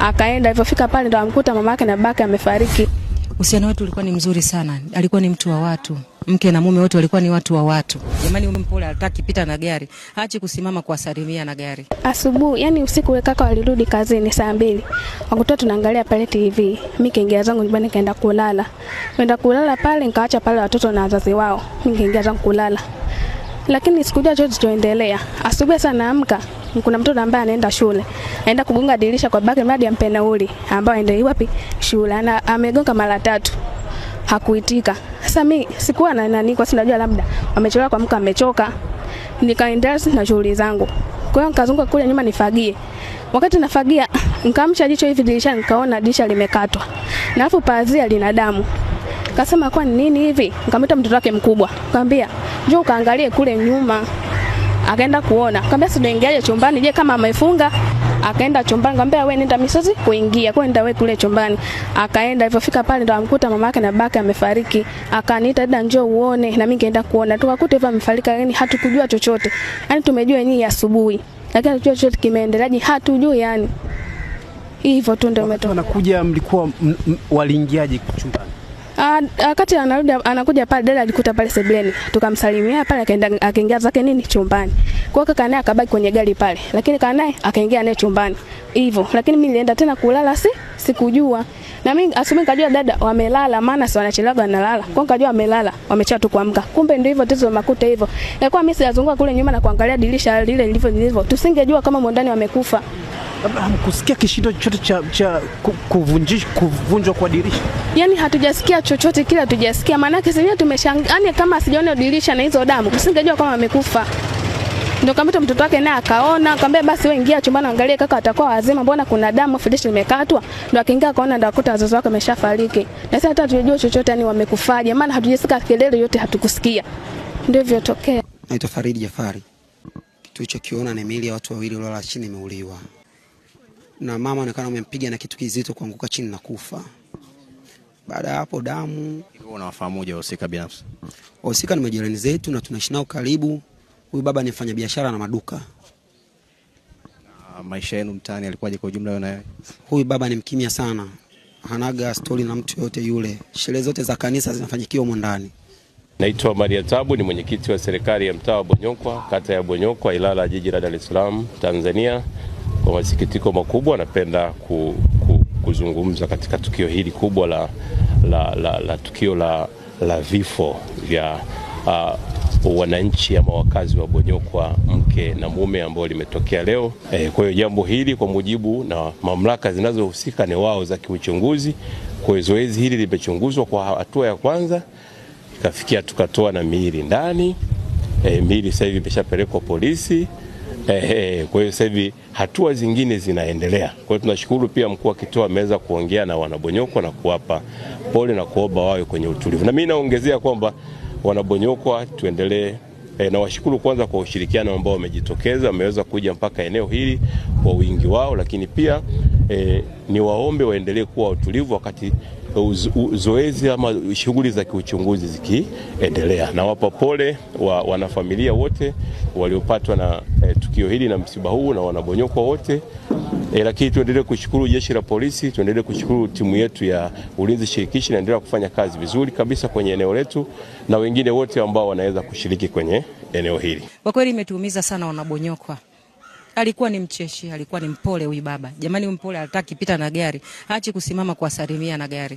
Akaenda, alipofika pale ndo amkuta mama yake na babake amefariki. Uhusiano wetu ulikuwa ni mzuri sana, alikuwa ni mtu wa watu, mke na mume wote walikuwa ni watu wa watu. Jamani, mume mpole, hataki pita na gari, hachi kusimama kuwasalimia na gari. Asubuhi yani usiku, ule kaka walirudi kazini saa mbili, wakutoa tunaangalia pale TV, mimi kaingia zangu nyumbani, kaenda kulala, kaenda kulala pale, nikaacha pale watoto na wazazi wao, mimi kaingia zangu kulala, lakini sikujua chochote kilichoendelea. Asubuhi sana naamka kuna mtoto ambaye anaenda shule, aenda kugonga dirisha kwa babake mradi ampe nauli ambao aende wapi shule, Ana amegonga mara tatu hakuitika. Sasa mimi sikuwa na nani, kwa sababu najua labda amechelewa kwa mka, amechoka. Nikaendelea na shughuli zangu, kwa hiyo nikazunguka kule nyuma nifagie. Wakati nafagia nikamcha jicho hivi dirisha, nikaona dirisha limekatwa na alafu pazia lina damu. Kasema kwa nini hivi? Nikamwita mtoto wake mkubwa, nikamwambia njoo ukaangalie kule nyuma akaenda kuona, akamwambia si tunaingiaje chumbani, je kama amefunga? Akaenda chumbani, akamwambia wewe nenda misozi kuingia, kwa nenda wewe kule chumbani. Akaenda alipofika pale ndo amkuta mama yake na babake amefariki. Akaniita, dada, njoo uone, na mimi nikaenda kuona, tukakuta hivyo amefariki, yani hatukujua chochote, yani tumejua yenyewe asubuhi, lakini hatujua chochote kimeendeleaje, hatujui yani hivyo tu ndio umetoka. Wanakuja, mlikuwa waliingiaje chumbani? Ah, wakati anarudi anakuja pale, dada alikuta pale sebuleni, tukamsalimia pale, akaenda akaingia zake nini chumbani kwa kaka naye akabaki kwenye gari pale, lakini kaka naye akaingia naye chumbani hivyo. Lakini mimi nilienda tena kulala, si sikujua na mimi asubuhi nikajua dada wamelala, maana si wanachelewa wanalala. Kwa nikajua wamelala, wamechoka tu kuamka. Kumbe ndio hivyo tatizo makuta hivyo. Na kwa mimi sijazunguka kule nyuma na kuangalia dirisha lile lilivyo lilivyo. Tusingejua kama mwandani wamekufa. Hamkusikia kishindo chochote cha, cha kuvunjwa kwa dirisha? Yaani hatujasikia chochote kile hatujasikia, maanake senyewe tumeshangaa. Yaani kama sijaona dirisha na hizo damu, msingejua kama amekufa. Ndio kambita mtoto wake naye akaona, akamwambia basi wewe ingia chumbani angalie kaka atakuwa wazima, mbona kuna damu afu imekatwa. Ndio akaingia akaona ndio akuta wazazi wake wameshafariki. Na sasa hata tujue chochote yani wamekufaje, maana hatujasikia kelele yote hatukusikia. Ndio hivyo tokea. Naitwa Farid Jafari. Kitu hicho kiona ni miili ya watu wawili waliolala chini imeuliwa. Na mama anaonekana amempiga na kitu kizito kuanguka chini na kufa. Baada ya hapo damu. Unawafahamuje wahusika binafsi? Wahusika ni majirani zetu na tunaishi nao karibu. Huyu baba ni mfanyabiashara na maduka. Na maisha yenu mtaani alikuwaje kwa ujumla na huyu baba? Ni mkimya sana, hanaga stori na mtu yote yule. Sherehe zote za kanisa zinafanyikiwa humo ndani. Naitwa Maria Tabu, ni mwenyekiti wa serikali ya mtaa wa Bonyokwa, kata ya Bonyokwa, Ilala, jiji la Dar es Salaam, Tanzania. Kwa masikitiko makubwa, napenda ku, ku kuzungumza katika tukio hili kubwa la, la, la, la tukio la, la vifo vya uh, wananchi ama wakazi wa Bonyokwa mke na mume ambao limetokea leo e. Kwa hiyo jambo hili kwa mujibu na mamlaka zinazohusika ni wao za kiuchunguzi. Kwa hiyo zoezi hili limechunguzwa kwa hatua ya kwanza ikafikia tukatoa na miili ndani e, miili sasa hivi imeshapelekwa polisi. Eh, kwa hiyo sasa hivi hatua zingine zinaendelea. Kwa hiyo tunashukuru pia mkuu wa kituo ameweza kuongea na wanabonyokwa na kuwapa pole na kuomba wawe kwenye utulivu, na mimi naongezea kwamba wanabonyokwa tuendelee E, eh, na washukuru kwanza kwa ushirikiano ambao wamejitokeza, wameweza kuja mpaka eneo hili kwa wingi wao, lakini pia e, eh, ni waombe waendelee kuwa watulivu wakati zoezi ama shughuli za kiuchunguzi zikiendelea. Nawapa pole wa wanafamilia wote waliopatwa na e, tukio hili na msiba huu na wanabonyokwa wote e, lakini tuendelee kushukuru jeshi la polisi, tuendelee kushukuru timu yetu ya ulinzi shirikishi inaendelea kufanya kazi vizuri kabisa kwenye eneo letu na wengine wote ambao wanaweza kushiriki kwenye eneo hili. Kwa kweli imetuumiza sana wanabonyokwa alikuwa ni mcheshi, alikuwa ni mpole huyu baba. Jamani, mpole, hataki pita na gari, hachi kusimama kuwasalimia na gari.